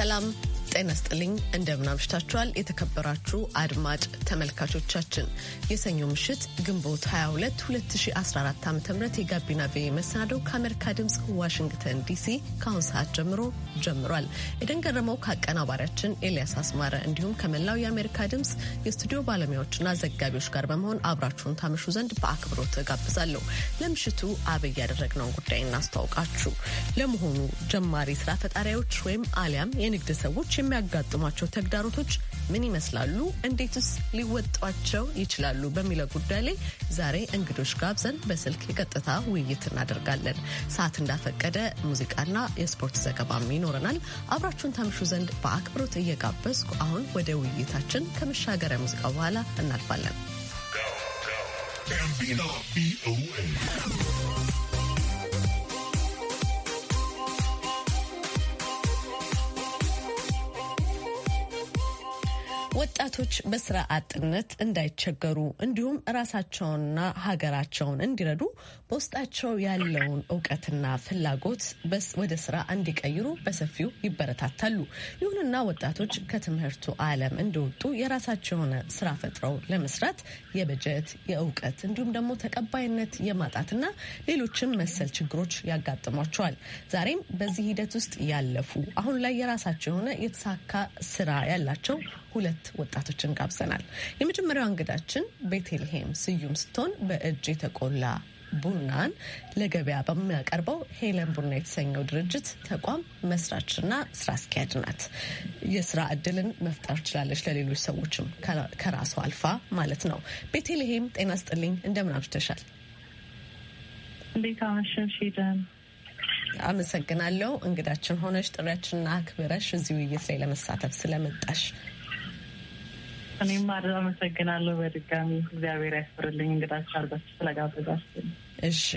ሰላም ጤና ስጥልኝ እንደምን አምሽታችኋል። የተከበራችሁ አድማጭ ተመልካቾቻችን የሰኞ ምሽት ግንቦት 22 2014 ዓ ም የጋቢና ቪ መሰናደው ከአሜሪካ ድምፅ ዋሽንግተን ዲሲ ከአሁን ሰዓት ጀምሮ ጀምሯል። ኤደን ገረመው ከአቀናባሪያችን ኤልያስ አስማረ እንዲሁም ከመላው የአሜሪካ ድምፅ የስቱዲዮ ባለሙያዎችና ዘጋቢዎች ጋር በመሆን አብራችሁን ታመሹ ዘንድ በአክብሮት እጋብዛለሁ። ለምሽቱ አብይ ያደረግነውን ጉዳይ እናስተዋውቃችሁ። ለመሆኑ ጀማሪ ስራ ፈጣሪዎች ወይም አሊያም የንግድ ሰዎች የሚያጋጥሟቸው ተግዳሮቶች ምን ይመስላሉ? እንዴትስ ሊወጧቸው ይችላሉ? በሚለው ጉዳይ ላይ ዛሬ እንግዶች ጋብዘን በስልክ የቀጥታ ውይይት እናደርጋለን። ሰዓት እንዳፈቀደ ሙዚቃና የስፖርት ዘገባም ይኖረናል። አብራችሁን ታምሹ ዘንድ በአክብሮት እየጋበዝኩ አሁን ወደ ውይይታችን ከመሻገሪያ ሙዚቃ በኋላ እናልፋለን። ወጣቶች በስራ አጥነት እንዳይቸገሩ እንዲሁም ራሳቸውንና ሀገራቸውን እንዲረዱ በውስጣቸው ያለውን እውቀትና ፍላጎት ወደ ስራ እንዲቀይሩ በሰፊው ይበረታታሉ። ይሁንና ወጣቶች ከትምህርቱ ዓለም እንደወጡ የራሳቸው የሆነ ስራ ፈጥረው ለመስራት የበጀት፣ የእውቀት እንዲሁም ደግሞ ተቀባይነት የማጣትና ሌሎችም መሰል ችግሮች ያጋጥሟቸዋል። ዛሬም በዚህ ሂደት ውስጥ ያለፉ አሁን ላይ የራሳቸው የሆነ የተሳካ ስራ ያላቸው ሁለት ወጣቶችን ጋብዘናል። የመጀመሪያው እንግዳችን ቤተልሔም ስዩም ስትሆን በእጅ የተቆላ ቡናን ለገበያ በሚያቀርበው ሄለን ቡና የተሰኘው ድርጅት ተቋም መስራችና ስራ አስኪያጅ ናት። የስራ እድልን መፍጠር ችላለች ለሌሎች ሰዎችም ከራሷ አልፋ ማለት ነው። ቤቴልሄም ጤና ስጥልኝ፣ እንደምን አምሽተሻል? አመሰግናለሁ እንግዳችን ሆነሽ ጥሪያችንና አክብረሽ እዚህ ውይይት ላይ ለመሳተፍ ስለመጣሽ እኔም ማድረግ አመሰግናለሁ። በድጋሚ እግዚአብሔር ያስፍርልኝ እንግዳችሁ አድርጋችሁ ስለጋበዛችሁ። እሺ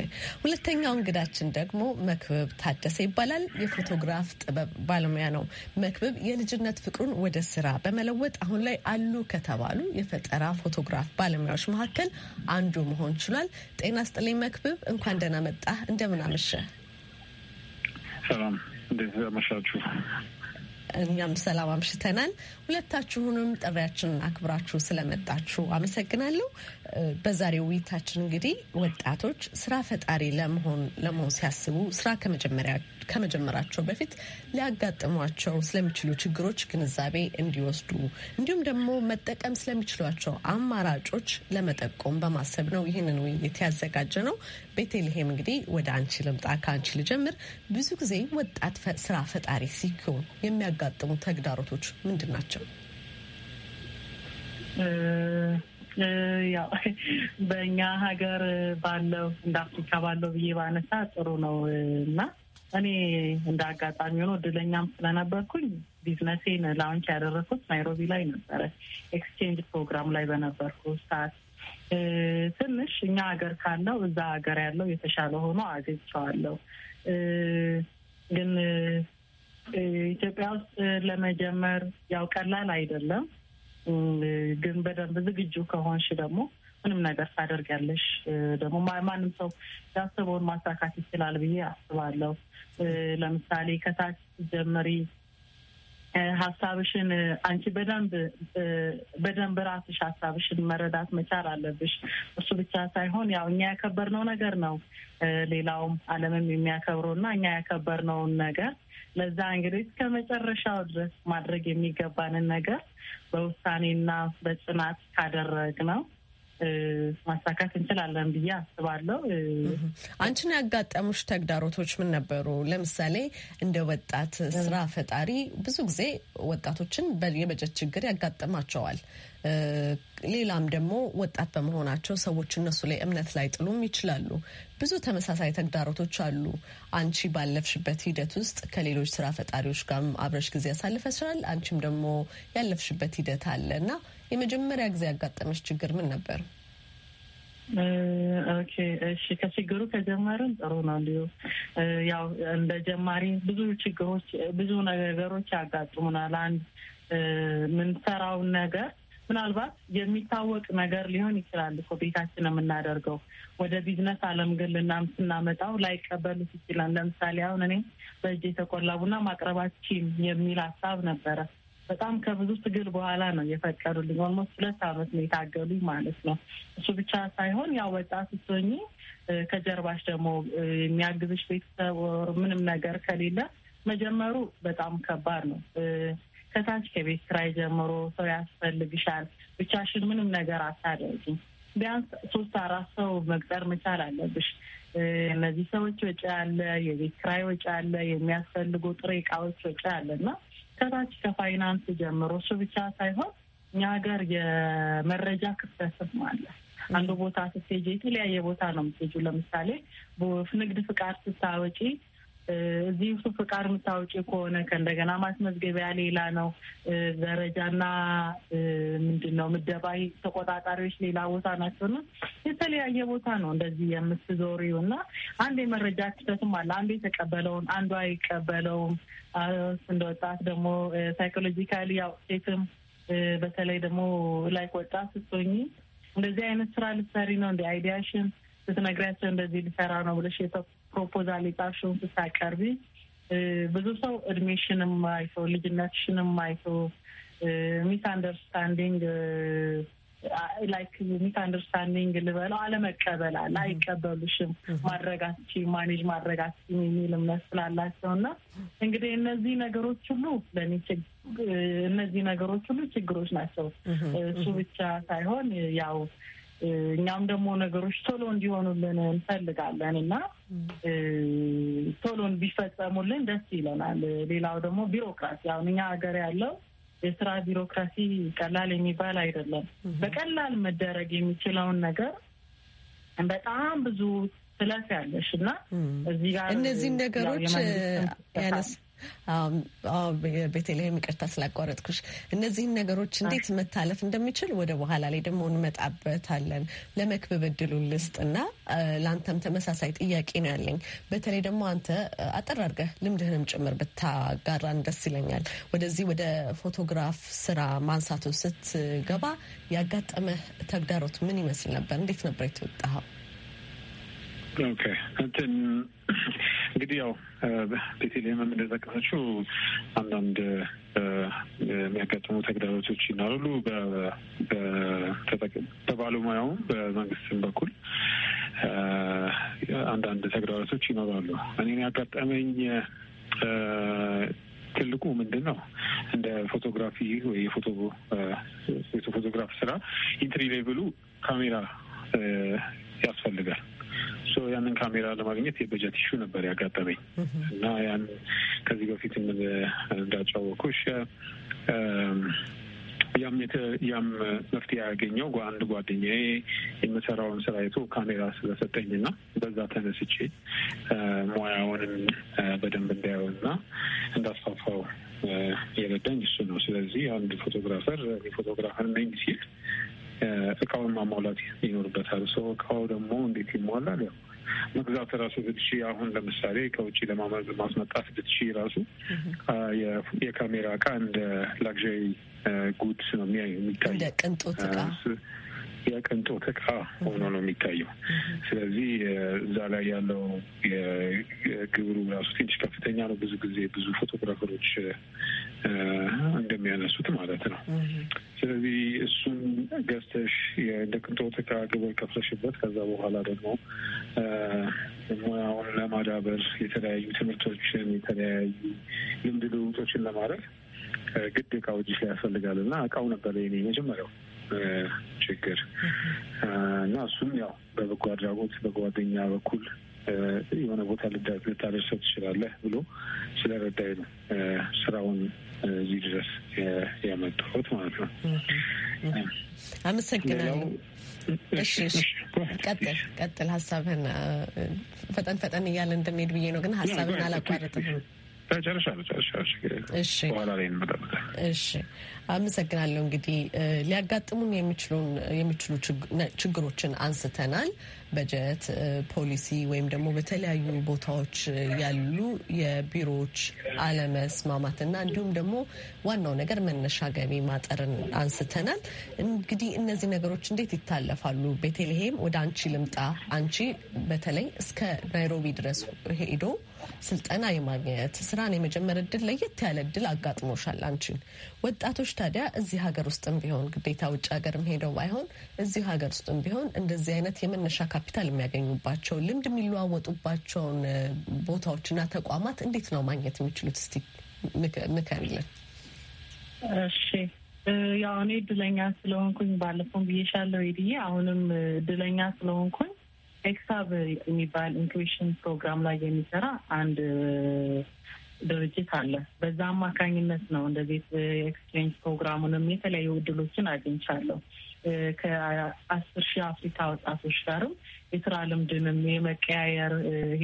ሁለተኛው እንግዳችን ደግሞ መክብብ ታደሰ ይባላል። የፎቶግራፍ ጥበብ ባለሙያ ነው። መክብብ የልጅነት ፍቅሩን ወደ ስራ በመለወጥ አሁን ላይ አሉ ከተባሉ የፈጠራ ፎቶግራፍ ባለሙያዎች መካከል አንዱ መሆን ችሏል። ጤና ስጥልኝ መክብብ፣ እንኳን ደህና መጣህ። እንደምን አመሸህ? ሰላም፣ እንዴት አመሻችሁ? እኛም ሰላም አምሽተናል። ሁለታችሁንም ጥሪያችንን አክብራችሁ ስለመጣችሁ አመሰግናለሁ። በዛሬው ውይይታችን እንግዲህ ወጣቶች ስራ ፈጣሪ ለመሆን ለመሆን ሲያስቡ ስራ ከመጀመራቸው በፊት ሊያጋጥሟቸው ስለሚችሉ ችግሮች ግንዛቤ እንዲወስዱ እንዲሁም ደግሞ መጠቀም ስለሚችሏቸው አማራጮች ለመጠቆም በማሰብ ነው ይህንን ውይይት ያዘጋጀ ነው። ቤቴልሄም እንግዲህ ወደ አንቺ ልምጣ። ከአንቺ ልጀምር። ብዙ ጊዜ ወጣት ስራ ፈጣሪ ሲሆን የሚያጋጥሙ ተግዳሮቶች ምንድን ናቸው? ያው በእኛ ሀገር ባለው እንደ አፍሪካ ባለው ብዬ ባነሳ ጥሩ ነው እና እኔ እንደ አጋጣሚ ሆኖ እድለኛም ስለነበርኩኝ ቢዝነሴን ላውንች ያደረኩት ናይሮቢ ላይ ነበረ። ኤክስቼንጅ ፕሮግራም ላይ በነበርኩ ሰዓት ትንሽ እኛ ሀገር ካለው እዛ ሀገር ያለው የተሻለ ሆኖ አግኝቼዋለሁ። ግን ኢትዮጵያ ውስጥ ለመጀመር ያው ቀላል አይደለም። ግን በደንብ ዝግጁ ከሆንሽ ደግሞ ምንም ነገር ታደርጊያለሽ። ደግሞ ማንም ሰው ያስበውን ማሳካት ይችላል ብዬ አስባለሁ። ለምሳሌ ከታች ጀመሪ ሀሳብሽን አንቺ በደንብ በደንብ ራስሽ ሀሳብሽን መረዳት መቻል አለብሽ። እሱ ብቻ ሳይሆን ያው እኛ ያከበርነው ነገር ነው ሌላውም ዓለምም የሚያከብረው እና እኛ ያከበርነውን ነገር ለዛ እንግዲህ እስከ መጨረሻው ድረስ ማድረግ የሚገባንን ነገር በውሳኔና በጽናት ካደረግ ነው ማሳካት እንችላለን ብዬ አስባለሁ። አንቺን ያጋጠሙሽ ተግዳሮቶች ምን ነበሩ? ለምሳሌ እንደ ወጣት ስራ ፈጣሪ ብዙ ጊዜ ወጣቶችን የበጀት ችግር ያጋጥማቸዋል። ሌላም ደግሞ ወጣት በመሆናቸው ሰዎች እነሱ ላይ እምነት ላይ ጥሉም ይችላሉ። ብዙ ተመሳሳይ ተግዳሮቶች አሉ። አንቺ ባለፍሽበት ሂደት ውስጥ ከሌሎች ስራ ፈጣሪዎች ጋር አብረሽ ጊዜ ያሳልፈሻል። አንቺም ደግሞ ያለፍሽበት ሂደት አለ እና የመጀመሪያ ጊዜ ያጋጠመች ችግር ምን ነበር? ኦኬ፣ እሺ ከችግሩ ከጀመርን ጥሩ ነው። እንዲሁ ያው እንደ ጀማሪ ብዙ ችግሮች ብዙ ነገሮች ያጋጥሙናል። አንድ የምንሰራውን ነገር ምናልባት የሚታወቅ ነገር ሊሆን ይችላል እኮ ቤታችን የምናደርገው ወደ ቢዝነስ አለም ግን ልናም ስናመጣው ላይቀበሉት ይችላል። ለምሳሌ አሁን እኔ በእጅ የተቆላ ቡና ማቅረባችን የሚል ሀሳብ ነበረ። በጣም ከብዙ ትግል በኋላ ነው የፈቀዱልኝ። ኦልሞስት ሁለት አመት ነው የታገሉኝ ማለት ነው። እሱ ብቻ ሳይሆን ያው ወጣት ስትሆኚ ከጀርባሽ ደግሞ የሚያግዝሽ ቤተሰብ ምንም ነገር ከሌለ መጀመሩ በጣም ከባድ ነው። ከታች ከቤት ኪራይ ጀምሮ ሰው ያስፈልግሻል። ብቻሽን ምንም ነገር አታደርጊም። ቢያንስ ሶስት አራት ሰው መቅጠር መቻል አለብሽ። እነዚህ ሰዎች ወጪ አለ፣ የቤት ኪራይ ወጪ አለ፣ የሚያስፈልጉ ጥሬ እቃዎች ወጪ አለ እና ከታች ከፋይናንስ ጀምሮ እሱ ብቻ ሳይሆን እኛ ሀገር የመረጃ ክፍተትም አለ። አንዱ ቦታ ስትሄጂ የተለያየ ቦታ ነው የምትሄጂው። ለምሳሌ ንግድ ፍቃድ ስታወጪ እዚህ እሱ ፍቃድ የምታወጪ ከሆነ ከእንደገና ማስመዝገቢያ ሌላ ነው። ደረጃና ምንድን ነው ምደባይ ተቆጣጣሪዎች ሌላ ቦታ ናቸው እና የተለያየ ቦታ ነው እንደዚህ የምትዞሪው እና አንድ የመረጃ ክፍተትም አለ። አንዱ የተቀበለውን አንዱ አይቀበለውም። እንደ ወጣት ደግሞ ሳይኮሎጂካሊ ያው ሴትም በተለይ ደግሞ ላይክ ወጣት ስትሆኚ እንደዚህ አይነት ስራ ልትሰሪ ነው እንደ አይዲያሽን ስትነግሪያቸው እንደዚህ ልሰራ ነው ብለሽ ፕሮፖዛል የጻፍሽውን ስታቀርቢ ብዙ ሰው እድሜሽንም አይቶ ልጅነትሽንም አይቶ ሚስ አንደርስታንዲንግ ላይክ ሚስ አንደርስታንዲንግ ልበለው አለመቀበል አለ። አይቀበሉሽም ማድረጋች ማኔጅ ማድረጋች የሚል እምነት ስላላቸው እና እንግዲህ እነዚህ ነገሮች ሁሉ ለእኔ እነዚህ ነገሮች ሁሉ ችግሮች ናቸው። እሱ ብቻ ሳይሆን ያው እኛም ደግሞ ነገሮች ቶሎ እንዲሆኑልን እንፈልጋለን እና ቶሎ ቢፈጸሙልን ደስ ይለናል። ሌላው ደግሞ ቢሮክራሲ አሁን እኛ ሀገር ያለው የስራ ቢሮክራሲ ቀላል የሚባል አይደለም። በቀላል መደረግ የሚችለውን ነገር በጣም ብዙ ስለት ያለሽ እና እዚህ ጋር እነዚህን ነገሮች ቤተልሔም፣ ይቅርታ ስላቋረጥኩሽ። እነዚህን ነገሮች እንዴት መታለፍ እንደሚችል ወደ በኋላ ላይ ደግሞ እንመጣበታለን። ለመክብብ እድሉ ልስጥ እና ለአንተም ተመሳሳይ ጥያቄ ነው ያለኝ። በተለይ ደግሞ አንተ አጠር አድርገህ ልምድህንም ጭምር ብታጋራን ደስ ይለኛል። ወደዚህ ወደ ፎቶግራፍ ስራ ማንሳቱ ስትገባ ያጋጠመህ ተግዳሮት ምን ይመስል ነበር? እንዴት ነበር የተወጣኸው? ኦኬ እንግዲህ ያው ቤቴልሄም እንደጠቀሰችው አንዳንድ የሚያጋጥሙ ተግዳሮቶች ይኖራሉ። በባለሙያውም በመንግስትም በኩል አንዳንድ ተግዳሮቶች ይኖራሉ። እኔን ያጋጠመኝ ትልቁ ምንድን ነው እንደ ፎቶግራፊ ወይ የፎቶ ፎቶግራፍ ስራ ኢንትሪ ሌቭሉ ካሜራ ያስፈልጋል። ያንን ካሜራ ለማግኘት የበጀት ኢሹ ነበር ያጋጠመኝ እና ያን ከዚህ በፊት ምን እንዳጫወኩሽ ያም ያም መፍትሄ ያገኘው አንድ ጓደኛዬ የምሰራውን ስራ አይቶ ካሜራ ስለሰጠኝ እና በዛ ተነስቼ ሙያውንም በደንብ እንዳየው እንዳስፋፋው የረዳኝ እሱ ነው። ስለዚህ አንድ ፎቶግራፈር ፎቶግራፈር ነኝ ሲል እቃውን ማሟላት ይኖርበታል። ሶ እቃው ደግሞ እንዴት ይሟላል? ያው መግዛት ራሱ ብትሺ አሁን ለምሳሌ ከውጭ ለማስመጣት ብትሺ ራሱ የካሜራ እቃ እንደ ላግዠሪ ጉድ ነው የሚታይ እንደ ቅንጦት እቃ የቅንጦት እቃ ሆኖ ነው የሚታየው። ስለዚህ እዛ ላይ ያለው ግብሩ ራሱ ትንሽ ከፍተኛ ነው። ብዙ ጊዜ ብዙ ፎቶግራፈሮች እንደሚያነሱት ማለት ነው። ስለዚህ እሱን ገዝተሽ እንደ ቅንጦት እቃ ግብር ከፍለሽበት ከዛ በኋላ ደግሞ ሙያውን ለማዳበር የተለያዩ ትምህርቶችን የተለያዩ ልምድ ልውጦችን ለማድረግ ግድ እቃው እጅሽ ላይ ያስፈልጋል እና እቃው ነበር የኔ መጀመሪያው ችግር እና እሱም ያው በበጎ አድራጎት በጓደኛ በኩል የሆነ ቦታ ልታደርሰው ትችላለህ ብሎ ስለረዳኝ ነው ስራውን እዚህ ድረስ ያመጣሁት ማለት ነው። አመሰግናለሁ። ቀጥል ቀጥል፣ ሀሳብህን ፈጠን ፈጠን እያለ እንደሚሄድ ብዬ ነው፣ ግን ሀሳብህን አላቋርጥም። በኋላ ላይ እንመጣበታል። እሺ፣ አመሰግናለሁ። እንግዲህ ሊያጋጥሙን የሚችሉ ችግሮችን አንስተናል። በጀት ፖሊሲ ወይም ደግሞ በተለያዩ ቦታዎች ያሉ የቢሮዎች አለመስማማትና እንዲሁም ደግሞ ዋናው ነገር መነሻ ገቢ ማጠርን አንስተናል። እንግዲህ እነዚህ ነገሮች እንዴት ይታለፋሉ? ቤተልሔም፣ ወደ አንቺ ልምጣ። አንቺ በተለይ እስከ ናይሮቢ ድረስ ሄዶ ስልጠና የማግኘት ስራን የመጀመር እድል ለየት ያለ እድል አጋጥሞሻል አንቺን። ወጣቶች ታዲያ እዚህ ሀገር ውስጥም ቢሆን ግዴታ ውጭ ሀገርም ሄደው ባይሆን እዚህ ሀገር ውስጥም ቢሆን እንደዚህ አይነት የመነሻ ካፒታል የሚያገኙባቸው ልምድ የሚለዋወጡባቸውን ቦታዎችና ተቋማት እንዴት ነው ማግኘት የሚችሉት? እስቲ ምከሪልን። እሺ ያው እኔ እድለኛ ስለሆንኩኝ ባለፈውን ብዬሻለሁ ሄድዬ፣ አሁንም እድለኛ ስለሆንኩኝ ኤክሳብ የሚባል ኢንኩቤሽን ፕሮግራም ላይ የሚሰራ አንድ ድርጅት አለ። በዛ አማካኝነት ነው እንደዚህ ኤክስቼንጅ ፕሮግራሙንም የተለያዩ እድሎችን አግኝቻለሁ። ከአስር ሺህ አፍሪካ ወጣቶች ጋርም የስራ ልምድንም የመቀያየር ይሄ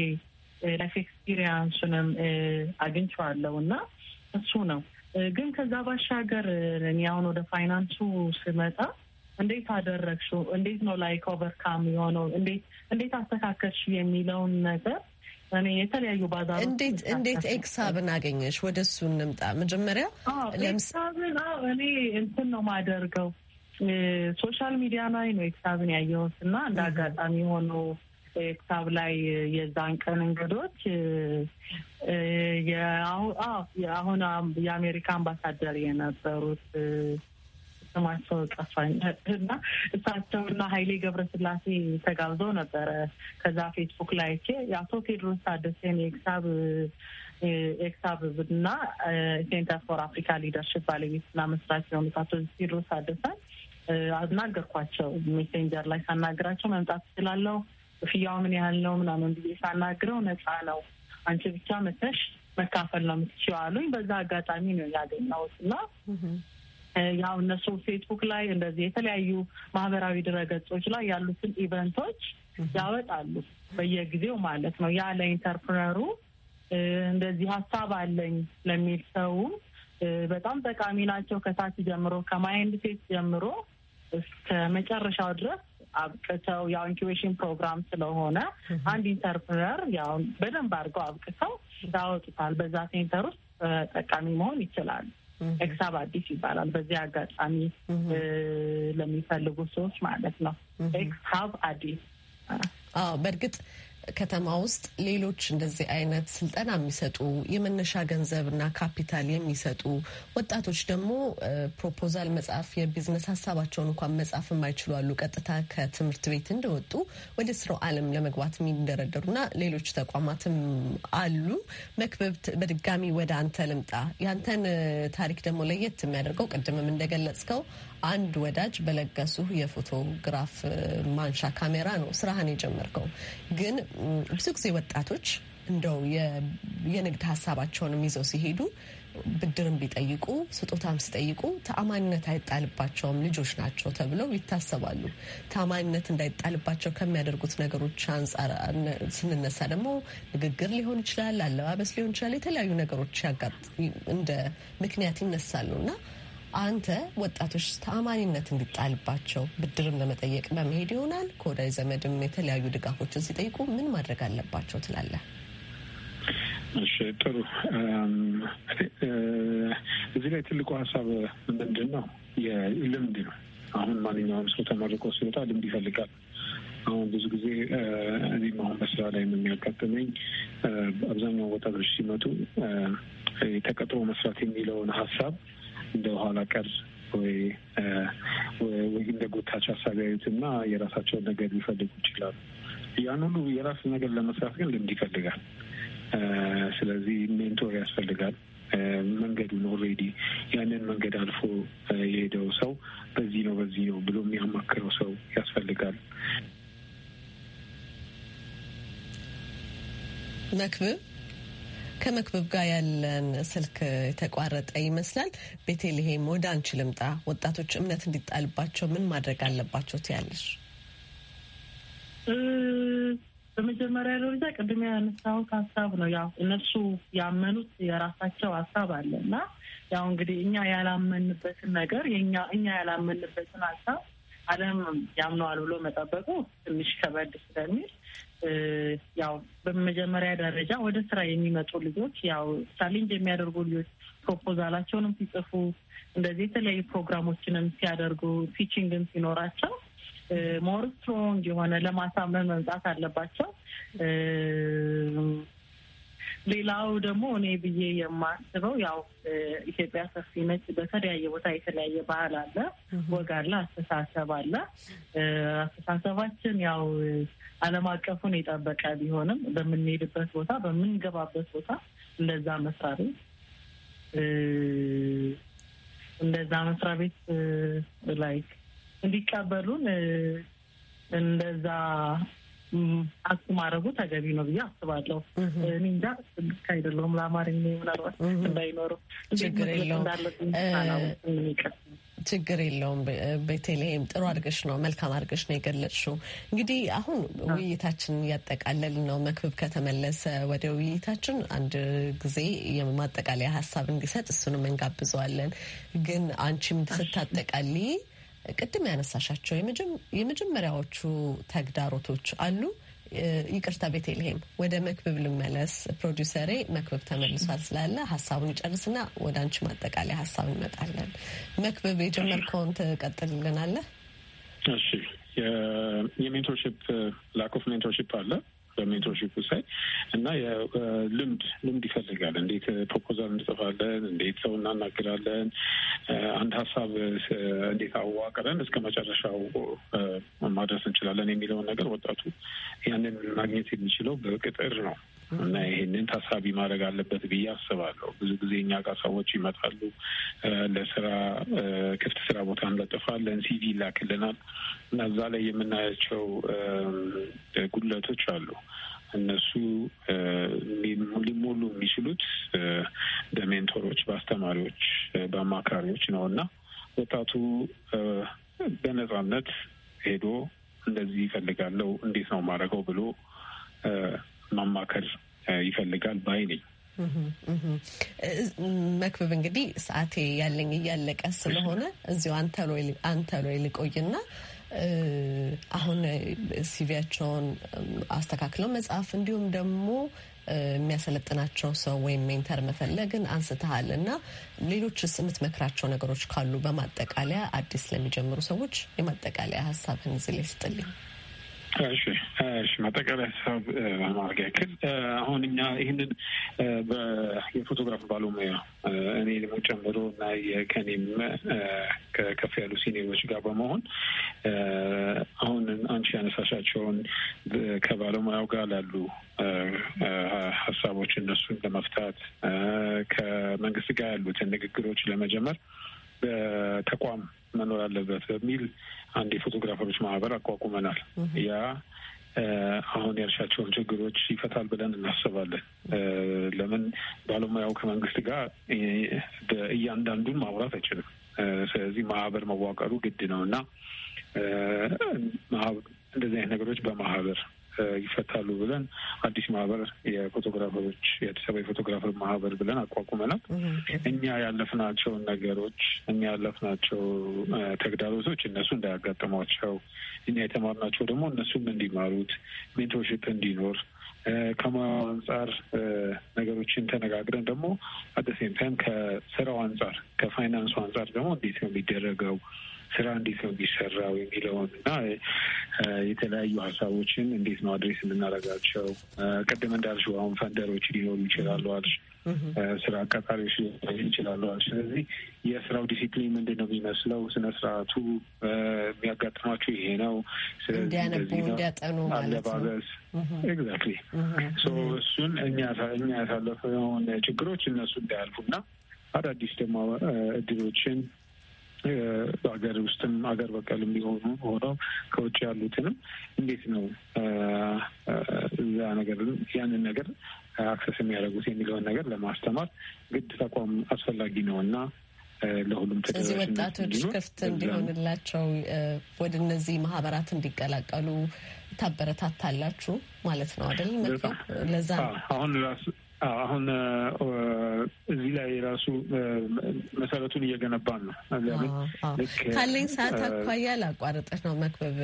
ላይፍ ኤክስፒሪያንሱንም አግኝቼዋለሁ እና እሱ ነው። ግን ከዛ ባሻገር እኔ አሁን ወደ ፋይናንሱ ስመጣ እንዴት አደረግሽው፣ እንዴት ነው ላይክ ኦቨርካም የሆነው፣ እንዴት እንዴት አስተካከልሽ የሚለውን ነገር እኔ የተለያዩ ባዛ እንዴት እንዴት ኤክሳብን አገኘሽ? ወደ እሱ እንምጣ። መጀመሪያ ኤክሳብን እኔ እንትን ነው ማደርገው ሶሻል ሚዲያ ላይ ነው ኤክሳብን ያየሁት እና እንደ አጋጣሚ ሆኖ ኤክሳብ ላይ የዛን ቀን እንግዶች አሁን የአሜሪካ አምባሳደር የነበሩት ስማቸው ጠፋኝ እና እሳቸውና ሀይሌ ገብረስላሴ ተጋብዘው ነበረ። ከዛ ፌስቡክ ላይ ቼ የአቶ ቴድሮስ ታደሴን የኤክሳብ ኤክሳብ ብና ሴንተር ፎር አፍሪካ ሊደርሽፕ ባለቤትና መስራች የሆኑት አቶ ቴድሮስ ታደሰን አናገርኳቸው። ሜሴንጀር ላይ ሳናግራቸው መምጣት ትችላለሁ፣ ክፍያው ምን ያህል ነው ምናምን ብዬ ሳናግረው ነፃ ነው፣ አንቺ ብቻ መተሽ መካፈል ነው የምትችይው አሉኝ። በዛ አጋጣሚ ነው ያገኘሁት እና ያው እነሱ ፌስቡክ ላይ እንደዚህ የተለያዩ ማህበራዊ ድረገጾች ላይ ያሉትን ኢቨንቶች ያወጣሉ በየጊዜው ማለት ነው። ያ ለኢንተርፕረነሩ እንደዚህ ሀሳብ አለኝ ለሚል ሰው በጣም ጠቃሚ ናቸው። ከታች ጀምሮ ከማይንድ ሴት ጀምሮ እስከ መጨረሻው ድረስ አብቅተው ያው ኢንኩቤሽን ፕሮግራም ስለሆነ አንድ ኢንተርፕረነር ያው በደንብ አድርገው አብቅተው ያወጡታል። በዛ ሴንተር ውስጥ ተጠቃሚ መሆን ይችላሉ። ኤክሳብ አዲስ ይባላል። በዚህ አጋጣሚ ለሚፈልጉ ሰዎች ማለት ነው። ኤክሳብ አዲስ አዎ፣ በእርግጥ ከተማ ውስጥ ሌሎች እንደዚህ አይነት ስልጠና የሚሰጡ የመነሻ ገንዘብና ካፒታል የሚሰጡ ወጣቶች ደግሞ ፕሮፖዛል መጻፍ የቢዝነስ ሀሳባቸውን እንኳን መጻፍ የማይችሉ አሉ። ቀጥታ ከትምህርት ቤት እንደወጡ ወደ ስራው ዓለም ለመግባት የሚንደረደሩና ሌሎች ተቋማትም አሉ። መክብብ፣ በድጋሚ ወደ አንተ ልምጣ። ያንተን ታሪክ ደግሞ ለየት የሚያደርገው ቅድምም እንደገለጽከው አንድ ወዳጅ በለገሱ የፎቶግራፍ ማንሻ ካሜራ ነው ስራህን የጀመርከው። ግን ብዙ ጊዜ ወጣቶች እንደው የንግድ ሀሳባቸውንም ይዘው ሲሄዱ ብድርም ቢጠይቁ ስጦታም ሲጠይቁ ተአማኝነት አይጣልባቸውም፣ ልጆች ናቸው ተብለው ይታሰባሉ። ተአማኝነት እንዳይጣልባቸው ከሚያደርጉት ነገሮች አንጻር ስንነሳ ደግሞ ንግግር ሊሆን ይችላል፣ አለባበስ ሊሆን ይችላል፣ የተለያዩ ነገሮች እንደ ምክንያት ይነሳሉ እና አንተ ወጣቶች ተአማኒነት እንዲጣልባቸው ብድርም ለመጠየቅ በመሄድ ይሆናል ከወዳጅ ዘመድም የተለያዩ ድጋፎችን ሲጠይቁ ምን ማድረግ አለባቸው ትላለህ? እሺ ጥሩ። እዚህ ላይ ትልቁ ሀሳብ ምንድን ነው? ልምድ ነው። አሁን ማንኛውም ሰው ተመርቆ ሲወጣ ልምድ ይፈልጋል። አሁን ብዙ ጊዜ እኔም አሁን በስራ ላይ የሚያጋጥመኝ አብዛኛው ወጣቶች ሲመጡ ተቀጥሮ መስራት የሚለውን ሀሳብ እንደ ኋላ ቀር ወይ እንደ ጎታች ሀሳብ ያዩትና የራሳቸውን ነገር ሊፈልጉ ይችላሉ። ያን ሁሉ የራስ ነገር ለመስራት ግን ልምድ ይፈልጋል። ስለዚህ ሜንቶር ያስፈልጋል። መንገዱን ኦልሬዲ ያንን መንገድ አልፎ የሄደው ሰው በዚህ ነው በዚህ ነው ብሎ የሚያማክረው ሰው ያስፈልጋል። መክብብ ከመክበብ ጋር ያለን ስልክ የተቋረጠ ይመስላል። ቤቴልሄም ወደ አንቺ ልምጣ። ወጣቶች እምነት እንዲጣልባቸው ምን ማድረግ አለባቸው ትያለሽ? በመጀመሪያ ደረጃ ቅድም ያነሳሁት ሀሳብ ነው። ያው እነሱ ያመኑት የራሳቸው ሀሳብ አለ እና ያው እንግዲህ እኛ ያላመንበትን ነገር እኛ ያላመንበትን ሀሳብ ዓለም ያምነዋል ብሎ መጠበቁ ትንሽ ከበድ ስለሚል ያው በመጀመሪያ ደረጃ ወደ ስራ የሚመጡ ልጆች ያው ቻሌንጅ የሚያደርጉ ልጆች ፕሮፖዛላቸውንም ሲጽፉ እንደዚህ የተለያዩ ፕሮግራሞችንም ሲያደርጉ ቲችንግም ሲኖራቸው ሞር ስትሮንግ የሆነ ለማሳመን መምጣት አለባቸው። ሌላው ደግሞ እኔ ብዬ የማስበው ያው ኢትዮጵያ ሰፊ ነች። በተለያየ ቦታ የተለያየ ባህል አለ፣ ወግ አለ፣ አስተሳሰብ አለ። አስተሳሰባችን ያው ዓለም አቀፉን የጠበቀ ቢሆንም በምንሄድበት ቦታ በምንገባበት ቦታ እንደዛ መስሪያ ቤት እንደዛ መስሪያ ቤት ላይ እንዲቀበሉን እንደዛ አስ ተገቢ ነው ብዬ አስባለሁ። እኔ እንጃ ልክ አይደለሁም። ለአማርኛ ምናልባት እንዳይኖረው ችግር የለውም ችግር የለውም። ቤተልሔም ጥሩ አድርገሽ ነው መልካም አድርገሽ ነው የገለጽሽው። እንግዲህ አሁን ውይይታችንን እያጠቃለል ነው። መክብብ ከተመለሰ ወደ ውይይታችን አንድ ጊዜ የማጠቃለያ ሀሳብ እንዲሰጥ እሱንም እንጋብዘዋለን። ግን አንቺም ስታጠቃሊ ቅድም ያነሳሻቸው የመጀመሪያዎቹ ተግዳሮቶች አሉ። ይቅርታ ቤተልሔም፣ ወደ መክብብ ልመለስ። ፕሮዲውሰሬ መክብብ ተመልሷል ስላለ ሀሳቡን ይጨርስና ወደ አንቺ ማጠቃለያ ሀሳብ እንመጣለን። መክብብ የጀመርከውን ትቀጥልልናለህ? እሺ፣ የሜንቶርሽፕ ላክ ኦፍ ሜንቶርሽፕ አለ በሜንቶርሺፕ ውሳይ እና ልምድ ልምድ ይፈልጋል። እንዴት ፕሮፖዛል እንጽፋለን፣ እንዴት ሰው እናናግራለን፣ አንድ ሀሳብ እንዴት አዋቅረን እስከ መጨረሻው ማድረስ እንችላለን የሚለውን ነገር ወጣቱ ያንን ማግኘት የሚችለው በቅጥር ነው። እና ይሄንን ታሳቢ ማድረግ አለበት ብዬ አስባለሁ። ብዙ ጊዜ እኛ ጋር ሰዎች ይመጣሉ። ለስራ ክፍት ስራ ቦታ እንለጥፋለን፣ ሲቪ ይላክልናል እና እዛ ላይ የምናያቸው ጉድለቶች አሉ። እነሱ ሊሞሉ የሚችሉት በሜንቶሮች፣ በአስተማሪዎች፣ በአማካሪዎች ነው እና ወጣቱ በነጻነት ሄዶ እንደዚህ ይፈልጋለው እንዴት ነው ማድረገው ብሎ ማማከር ይፈልጋል ባይ ነኝ። መክብብ እንግዲህ ሰዓቴ ያለኝ እያለቀ ስለሆነ እዚሁ አንተ ሎይ ልቆይና አሁን ሲቪያቸውን አስተካክለው መጽሐፍ እንዲሁም ደግሞ የሚያሰለጥናቸው ሰው ወይም ሜንተር መፈለግን አንስተሃል እና ሌሎችስ የምትመክራቸው ነገሮች ካሉ በማጠቃለያ አዲስ ለሚጀምሩ ሰዎች የማጠቃለያ ሀሳብህን እዚህ ላይ ስጥልኝ። እሺ እሺ ማጠቃለያ ሀሳብ ለማድረግ ያክል አሁን እኛ ይህንን የፎቶግራፍ ባለሙያ እኔ ደግሞ ጨምሮ እና የከኔም ከከፍ ያሉ ሲኒዎች ጋር በመሆን አሁን አንቺ ያነሳሻቸውን ከባለሙያው ጋር ላሉ ሀሳቦች እነሱን ለመፍታት ከመንግስት ጋር ያሉትን ንግግሮች ለመጀመር በተቋም መኖር አለበት በሚል አንድ የፎቶግራፈሮች ማህበር አቋቁመናል ያ አሁን ያልሻቸውን ችግሮች ይፈታል ብለን እናስባለን። ለምን ባለሙያው ከመንግስት ጋር እያንዳንዱን ማውራት አይችልም። ስለዚህ ማህበር መዋቀሩ ግድ ነው እና እንደዚህ አይነት ነገሮች በማህበር ይፈታሉ ብለን አዲስ ማህበር የፎቶግራፈሮች የአዲስ አበባ የፎቶግራፈር ማህበር ብለን አቋቁመናል። እኛ ያለፍናቸውን ነገሮች እኛ ያለፍናቸው ተግዳሮቶች እነሱ እንዳያጋጥሟቸው፣ እኛ የተማርናቸው ደግሞ እነሱም እንዲማሩት ሜንቶርሽፕ እንዲኖር ከሙያው አንጻር ነገሮችን ተነጋግረን ደግሞ አደሴም ታይም ከስራው አንጻር ከፋይናንሱ አንጻር ደግሞ እንዴት ነው የሚደረገው ስራ እንዴት ነው የሚሰራው የሚለውን እና የተለያዩ ሀሳቦችን እንዴት ነው አድሬስ የምናደርጋቸው። ቅድም እንዳልሽው አሁን ፈንደሮች ሊኖሩ ይችላሉ አልሽ፣ ስራ አቀጣሪዎች ይችላሉ ስለዚህ የስራው ዲሲፕሊን ምንድን ነው የሚመስለው? ስነ ስርዓቱ የሚያጋጥሟቸው ይሄ ነው። ስለዚህ እንዲያጠኑ አለባበስ ኤግዛክትሊ እሱን እኛ እኛ ችግሮች እነሱ እንዳያልፉና አዳዲስ ደግሞ እድሎችን በሀገር ውስጥም ሀገር በቀልም ሊሆኑ ሆነው ከውጭ ያሉትንም እንዴት ነው እዛ ነገር ያንን ነገር አክሰስ የሚያደርጉት የሚለውን ነገር ለማስተማር ግድ ተቋም አስፈላጊ ነው እና ለሁሉም ስለዚህ ወጣቶች ክፍት እንዲሆንላቸው ወደ እነዚህ ማህበራት እንዲቀላቀሉ ታበረታታላችሁ ማለት ነው አደል? ለዛ አሁን ራሱ አሁን እዚህ ላይ ራሱ መሰረቱን እየገነባን ነው። ካለኝ ሰዓት አኳያ ላቋረጠች ነው መክበብ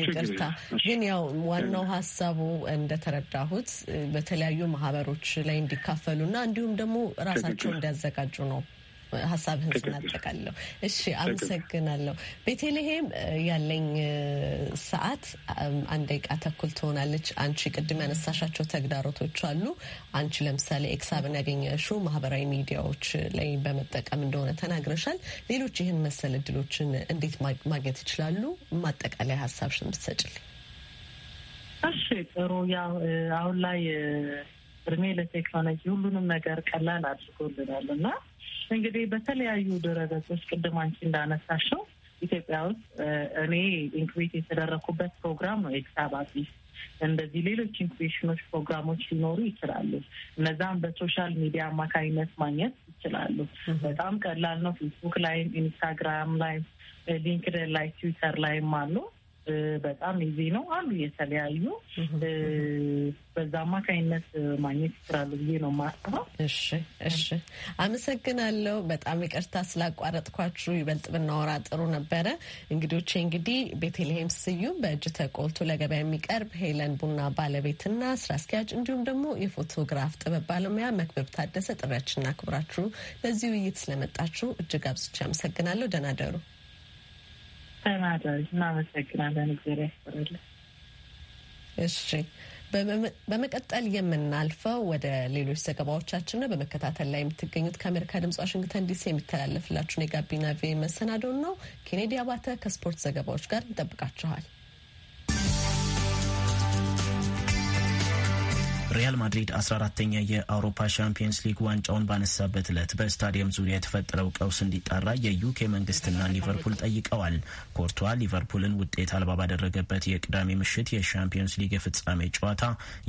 ይቅርታ። ግን ያው ዋናው ሀሳቡ እንደተረዳሁት በተለያዩ ማህበሮች ላይ እንዲካፈሉና እንዲሁም ደግሞ ራሳቸው እንዲያዘጋጁ ነው ሀሳብህን ስናጠቃለሁ። እሺ፣ አመሰግናለሁ። ቤተልሔም ያለኝ ሰዓት አንድ ደቂቃ ተኩል ትሆናለች። አንቺ ቅድም ያነሳሻቸው ተግዳሮቶች አሉ። አንቺ ለምሳሌ ኤክሳብን ያገኘሽው ማህበራዊ ሚዲያዎች ላይ በመጠቀም እንደሆነ ተናግረሻል። ሌሎች ይህን መሰል እድሎችን እንዴት ማግኘት ይችላሉ? ማጠቃለያ ሀሳብሽን ብትሰጭልኝ። እሺ፣ ጥሩ ያው አሁን ላይ እድሜ ለቴክኖሎጂ ሁሉንም ነገር ቀላል አድርጎልናል እና እንግዲህ በተለያዩ ድረገጾች ቅድም አንቺ እንዳነሳሽው ኢትዮጵያ ውስጥ እኔ ኢንኩቤት የተደረኩበት ፕሮግራም ነው ኤክሳባቢስ እንደዚህ ሌሎች ኢንኩቤሽኖች ፕሮግራሞች ሊኖሩ ይችላሉ። እነዛም በሶሻል ሚዲያ አማካኝነት ማግኘት ይችላሉ። በጣም ቀላል ነው። ፌስቡክ ላይም፣ ኢንስታግራም ላይም፣ ሊንክድን ላይ፣ ትዊተር ላይም አሉ። በጣም ይዜ ነው አሉ የተለያዩ በዛ አማካኝነት ማግኘት ይችላሉ ብዬ ነው የማስበው። እሺ እሺ፣ አመሰግናለሁ። በጣም ይቅርታ ስላቋረጥኳችሁ። ይበልጥ ብናወራ ጥሩ ነበረ። እንግዶቼ እንግዲህ ቤተልሔም ስዩም በእጅ ተቆልቶ ለገበያ የሚቀርብ ሄለን ቡና ባለቤትና ስራ አስኪያጅ፣ እንዲሁም ደግሞ የፎቶግራፍ ጥበብ ባለሙያ መክበብ ታደሰ፣ ጥሪያችንን አክብራችሁ ለዚህ ውይይት ስለመጣችሁ እጅግ አብዝቼ አመሰግናለሁ። ደህና ደሩ። በማድረግ እናመሰግናለን። ያስፈራለን። እሺ በመቀጠል የምናልፈው ወደ ሌሎች ዘገባዎቻችን ነው። በመከታተል ላይ የምትገኙት ከአሜሪካ ድምጽ ዋሽንግተን ዲሲ የሚተላለፍላችሁን የጋቢና ቪ መሰናዶን ነው። ኬኔዲ አባተ ከስፖርት ዘገባዎች ጋር ይጠብቃችኋል። ሪያል ማድሪድ 14ተኛ የአውሮፓ ሻምፒየንስ ሊግ ዋንጫውን ባነሳበት ዕለት በስታዲየም ዙሪያ የተፈጠረው ቀውስ እንዲጣራ የዩኬ መንግስትና ሊቨርፑል ጠይቀዋል። ኮርቷ ሊቨርፑልን ውጤት አልባ ባደረገበት የቅዳሜ ምሽት የሻምፒየንስ ሊግ የፍጻሜ ጨዋታ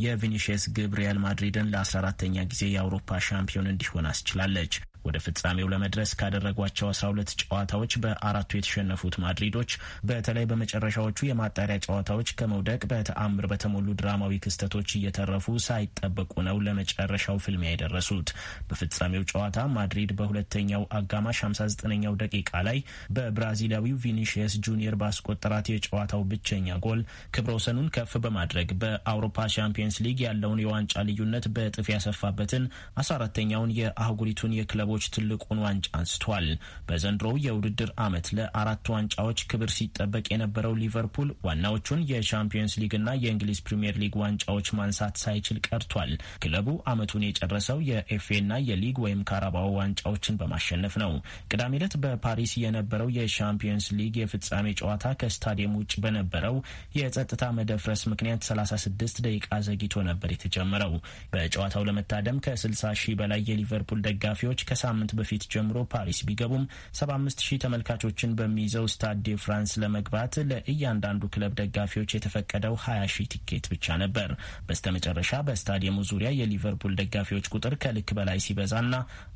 የቪኒሽየስ ግብ ሪያል ማድሪድን ለ14ተኛ ጊዜ የአውሮፓ ሻምፒዮን እንዲሆን አስችላለች። ወደ ፍጻሜው ለመድረስ ካደረጓቸው 12 ጨዋታዎች በአራቱ የተሸነፉት ማድሪዶች በተለይ በመጨረሻዎቹ የማጣሪያ ጨዋታዎች ከመውደቅ በተአምር በተሞሉ ድራማዊ ክስተቶች እየተረፉ ሳይጠበቁ ነው ለመጨረሻው ፍልሚያ የደረሱት። በፍጻሜው ጨዋታ ማድሪድ በሁለተኛው አጋማሽ 59ኛው ደቂቃ ላይ በብራዚላዊው ቪኒሽየስ ጁኒየር ባስቆጠራት የጨዋታው ብቸኛ ጎል ክብረ ወሰኑን ከፍ በማድረግ በአውሮፓ ቻምፒየንስ ሊግ ያለውን የዋንጫ ልዩነት በእጥፍ ያሰፋበትን 14ተኛውን የአህጉሪቱን የክለብ ክለቦች ትልቁን ዋንጫ አንስቷል። በዘንድሮው የውድድር ዓመት ለአራት ዋንጫዎች ክብር ሲጠበቅ የነበረው ሊቨርፑል ዋናዎቹን የቻምፒየንስ ሊግና የእንግሊዝ ፕሪምየር ሊግ ዋንጫዎች ማንሳት ሳይችል ቀርቷል። ክለቡ ዓመቱን የጨረሰው የኤፍኤና የሊግ ወይም ካራባው ዋንጫዎችን በማሸነፍ ነው። ቅዳሜ ዕለት በፓሪስ የነበረው የቻምፒየንስ ሊግ የፍጻሜ ጨዋታ ከስታዲየም ውጭ በነበረው የጸጥታ መደፍረስ ምክንያት 36 ደቂቃ ዘግይቶ ነበር የተጀመረው። በጨዋታው ለመታደም ከ60 ሺህ በላይ የሊቨርፑል ደጋፊዎች ከ ከሳምንት በፊት ጀምሮ ፓሪስ ቢገቡም 75 ሺህ ተመልካቾችን በሚይዘው ስታድ ዴ ፍራንስ ለመግባት ለእያንዳንዱ ክለብ ደጋፊዎች የተፈቀደው 20 ሺህ ቲኬት ብቻ ነበር። በስተመጨረሻ በስታዲየሙ ዙሪያ የሊቨርፑል ደጋፊዎች ቁጥር ከልክ በላይ ሲበዛና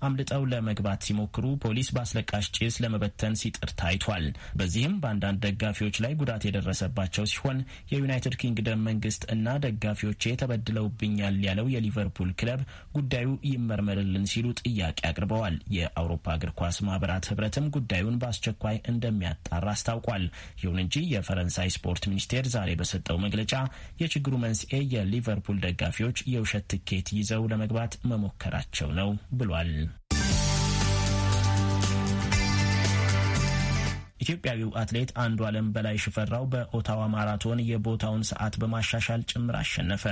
አምልጠው ለመግባት ሲሞክሩ ፖሊስ በአስለቃሽ ጭስ ለመበተን ሲጥር ታይቷል። በዚህም በአንዳንድ ደጋፊዎች ላይ ጉዳት የደረሰባቸው ሲሆን የዩናይትድ ኪንግደም መንግስት እና ደጋፊዎቼ ተበድለውብኛል ያለው የሊቨርፑል ክለብ ጉዳዩ ይመርመርልን ሲሉ ጥያቄ አቅርበዋል። አቅርበዋል። የአውሮፓ እግር ኳስ ማህበራት ህብረትም ጉዳዩን በአስቸኳይ እንደሚያጣራ አስታውቋል። ይሁን እንጂ የፈረንሳይ ስፖርት ሚኒስቴር ዛሬ በሰጠው መግለጫ የችግሩ መንስኤ የሊቨርፑል ደጋፊዎች የውሸት ትኬት ይዘው ለመግባት መሞከራቸው ነው ብሏል። ኢትዮጵያዊው አትሌት አንዱ አለም በላይ ሽፈራው በኦታዋ ማራቶን የቦታውን ሰዓት በማሻሻል ጭምር አሸነፈ።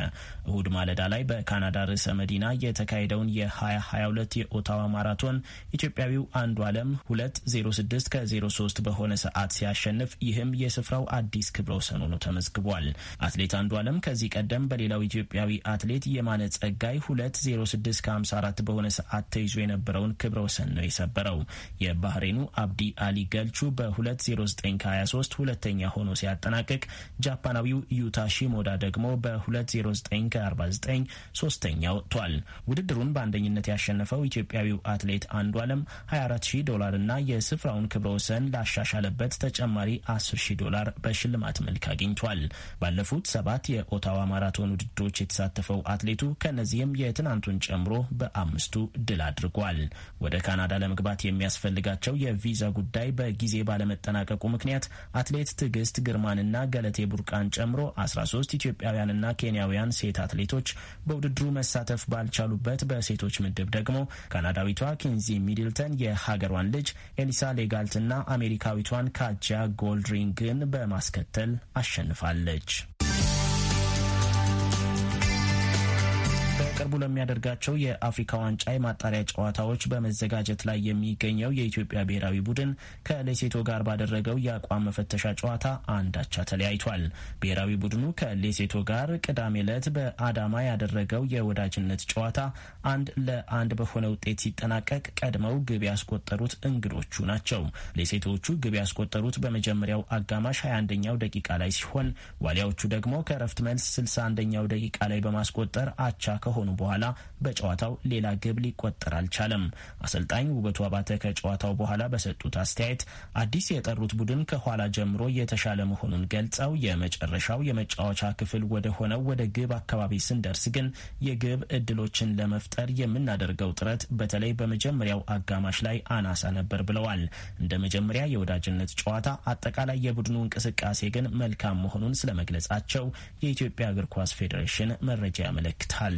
እሁድ ማለዳ ላይ በካናዳ ርዕሰ መዲና የተካሄደውን የ2022 የኦታዋ ማራቶን ኢትዮጵያዊው አንዱ አለም 206 ከ03 በሆነ ሰዓት ሲያሸንፍ ይህም የስፍራው አዲስ ክብረ ወሰን ሆኖ ተመዝግቧል። አትሌት አንዱ አለም ከዚህ ቀደም በሌላው ኢትዮጵያዊ አትሌት የማነ ጸጋይ 206 ከ54 በሆነ ሰዓት ተይዞ የነበረውን ክብረ ወሰን ነው የሰበረው። የባህሬኑ አብዲ አሊ ገልቹ በ በ20923 ሁለተኛ ሆኖ ሲያጠናቅቅ ጃፓናዊው ዩታ ሺሞዳ ደግሞ በ20949 ሶስተኛ ወጥቷል። ውድድሩን በአንደኝነት ያሸነፈው ኢትዮጵያዊው አትሌት አንዱ ዓለም 240 ዶላር እና የስፍራውን ክብረ ወሰን ላሻሻለበት ተጨማሪ 100 ዶላር በሽልማት መልክ አግኝቷል። ባለፉት ሰባት የኦታዋ ማራቶን ውድድሮች የተሳተፈው አትሌቱ ከእነዚህም የትናንቱን ጨምሮ በአምስቱ ድል አድርጓል። ወደ ካናዳ ለመግባት የሚያስፈልጋቸው የቪዛ ጉዳይ በጊዜ ባለመ በመጠናቀቁ ምክንያት አትሌት ትዕግስት ግርማንና ገለቴ ቡርቃን ጨምሮ 13 ኢትዮጵያውያንና ኬንያውያን ሴት አትሌቶች በውድድሩ መሳተፍ ባልቻሉበት በሴቶች ምድብ ደግሞ ካናዳዊቷ ኪንዚ ሚድልተን የሀገሯን ልጅ ኤሊሳ ሌጋልትና አሜሪካዊቷን ካጃ ጎልድሪንግን በማስከተል አሸንፋለች። በቅርቡ ለሚያደርጋቸው የአፍሪካ ዋንጫ የማጣሪያ ጨዋታዎች በመዘጋጀት ላይ የሚገኘው የኢትዮጵያ ብሔራዊ ቡድን ከሌሴቶ ጋር ባደረገው የአቋም መፈተሻ ጨዋታ አንዳቻ ተለያይቷል። ብሔራዊ ቡድኑ ከሌሴቶ ጋር ቅዳሜ ዕለት በአዳማ ያደረገው የወዳጅነት ጨዋታ አንድ ለአንድ በሆነ ውጤት ሲጠናቀቅ ቀድመው ግብ ያስቆጠሩት እንግዶቹ ናቸው። ሌሴቶቹ ግብ ያስቆጠሩት በመጀመሪያው አጋማሽ 21ኛው ደቂቃ ላይ ሲሆን ዋሊያዎቹ ደግሞ ከእረፍት መልስ 61ኛው ደቂቃ ላይ በማስቆጠር አቻ ከሆኑ በኋላ በጨዋታው ሌላ ግብ ሊቆጠር አልቻለም። አሰልጣኝ ውበቱ አባተ ከጨዋታው በኋላ በሰጡት አስተያየት አዲስ የጠሩት ቡድን ከኋላ ጀምሮ የተሻለ መሆኑን ገልጸው የመጨረሻው የመጫወቻ ክፍል ወደ ሆነው ወደ ግብ አካባቢ ስንደርስ ግን የግብ እድሎችን ለመፍጠር የምናደርገው ጥረት በተለይ በመጀመሪያው አጋማሽ ላይ አናሳ ነበር ብለዋል። እንደ መጀመሪያ የወዳጅነት ጨዋታ አጠቃላይ የቡድኑ እንቅስቃሴ ግን መልካም መሆኑን ስለመግለጻቸው የኢትዮጵያ እግር ኳስ ፌዴሬሽን መረጃ ያመለክታል።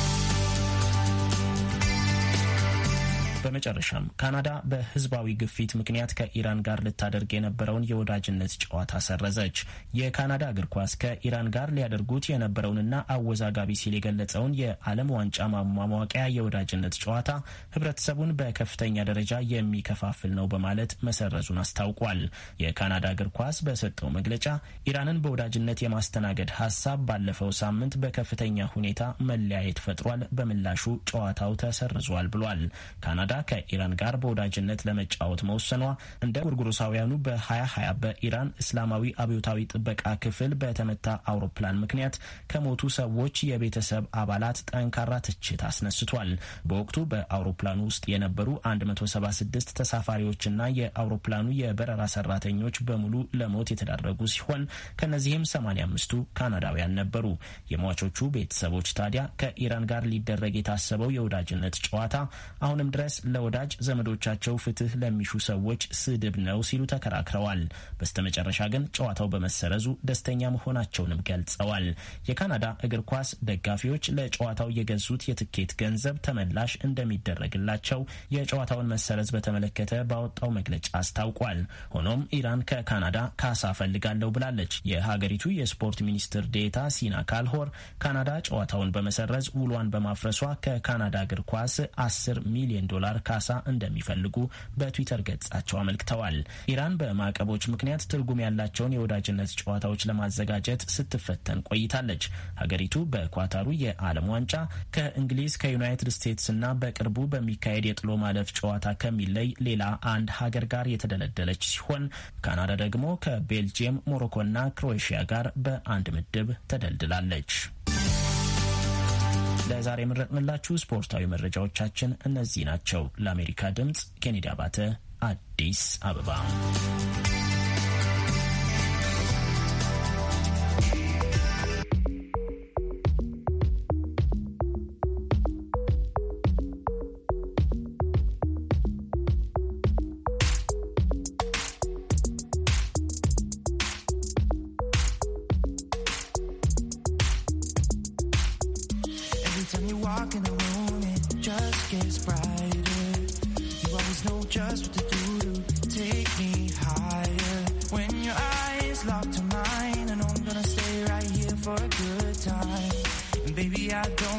በመጨረሻም ካናዳ በህዝባዊ ግፊት ምክንያት ከኢራን ጋር ልታደርግ የነበረውን የወዳጅነት ጨዋታ ሰረዘች። የካናዳ እግር ኳስ ከኢራን ጋር ሊያደርጉት የነበረውንና አወዛጋቢ ሲል የገለጸውን የዓለም ዋንጫ ማሟሟቂያ የወዳጅነት ጨዋታ ህብረተሰቡን በከፍተኛ ደረጃ የሚከፋፍል ነው በማለት መሰረዙን አስታውቋል። የካናዳ እግር ኳስ በሰጠው መግለጫ ኢራንን በወዳጅነት የማስተናገድ ሀሳብ ባለፈው ሳምንት በከፍተኛ ሁኔታ መለያየት ፈጥሯል፣ በምላሹ ጨዋታው ተሰርዟል ብሏል። ካናዳ ከኢራን ጋር በወዳጅነት ለመጫወት መወሰኗ እንደ ጉርጉሮሳውያኑ በ2020 በኢራን እስላማዊ አብዮታዊ ጥበቃ ክፍል በተመታ አውሮፕላን ምክንያት ከሞቱ ሰዎች የቤተሰብ አባላት ጠንካራ ትችት አስነስቷል። በወቅቱ በአውሮፕላኑ ውስጥ የነበሩ 176 ተሳፋሪዎችና የአውሮፕላኑ የበረራ ሰራተኞች በሙሉ ለሞት የተዳረጉ ሲሆን ከነዚህም 85ቱ ካናዳውያን ነበሩ። የሟቾቹ ቤተሰቦች ታዲያ ከኢራን ጋር ሊደረግ የታሰበው የወዳጅነት ጨዋታ አሁንም ድረስ ለወዳጅ ዘመዶቻቸው ፍትህ ለሚሹ ሰዎች ስድብ ነው ሲሉ ተከራክረዋል። በስተመጨረሻ ግን ጨዋታው በመሰረዙ ደስተኛ መሆናቸውንም ገልጸዋል። የካናዳ እግር ኳስ ደጋፊዎች ለጨዋታው የገዙት የትኬት ገንዘብ ተመላሽ እንደሚደረግላቸው የጨዋታውን መሰረዝ በተመለከተ ባወጣው መግለጫ አስታውቋል። ሆኖም ኢራን ከካናዳ ካሳ ፈልጋለሁ ብላለች። የሀገሪቱ የስፖርት ሚኒስትር ዴታ ሲና ካልሆር ካናዳ ጨዋታውን በመሰረዝ ውሏን በማፍረሷ ከካናዳ እግር ኳስ 10 ሚሊዮን ዶላር ዶላር ካሳ እንደሚፈልጉ በትዊተር ገጻቸው አመልክተዋል። ኢራን በማዕቀቦች ምክንያት ትርጉም ያላቸውን የወዳጅነት ጨዋታዎች ለማዘጋጀት ስትፈተን ቆይታለች። ሀገሪቱ በኳታሩ የዓለም ዋንጫ ከእንግሊዝ ከዩናይትድ ስቴትስ እና በቅርቡ በሚካሄድ የጥሎ ማለፍ ጨዋታ ከሚለይ ሌላ አንድ ሀገር ጋር የተደለደለች ሲሆን ካናዳ ደግሞ ከቤልጅየም፣ ሞሮኮና ክሮኤሽያ ጋር በአንድ ምድብ ተደልድላለች። ለዛሬ የመረጥንላችሁ ስፖርታዊ መረጃዎቻችን እነዚህ ናቸው። ለአሜሪካ ድምፅ ኬኔዲ አባተ አዲስ አበባ I don't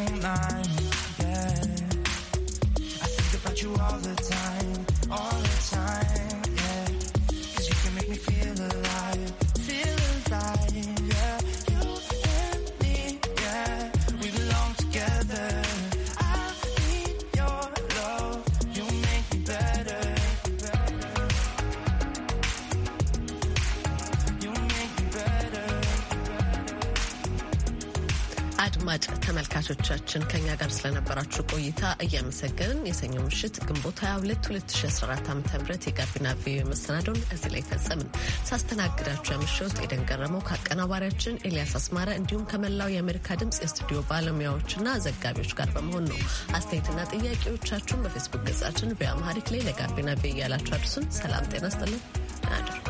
አድማጮቻችን ከኛ ጋር ስለነበራችሁ ቆይታ እያመሰገንን የሰኞ ምሽት ግንቦት 22 2014 ዓ ም የጋቢና ቪኦኤ መሰናዶን እዚህ ላይ ፈጸምን። ሳስተናግዳችሁ ያመሸሁት ኤደን ገረመው ከአቀናባሪያችን ኤልያስ አስማረ እንዲሁም ከመላው የአሜሪካ ድምፅ የስቱዲዮ ባለሙያዎችና ዘጋቢዎች ጋር በመሆን ነው። አስተያየትና ጥያቄዎቻችሁን በፌስቡክ ገጻችን ቪኦኤ አማሪክ ላይ ለጋቢና ቪኦኤ እያላችሁ አድርሱን። ሰላም ጤና ስጥልን አድር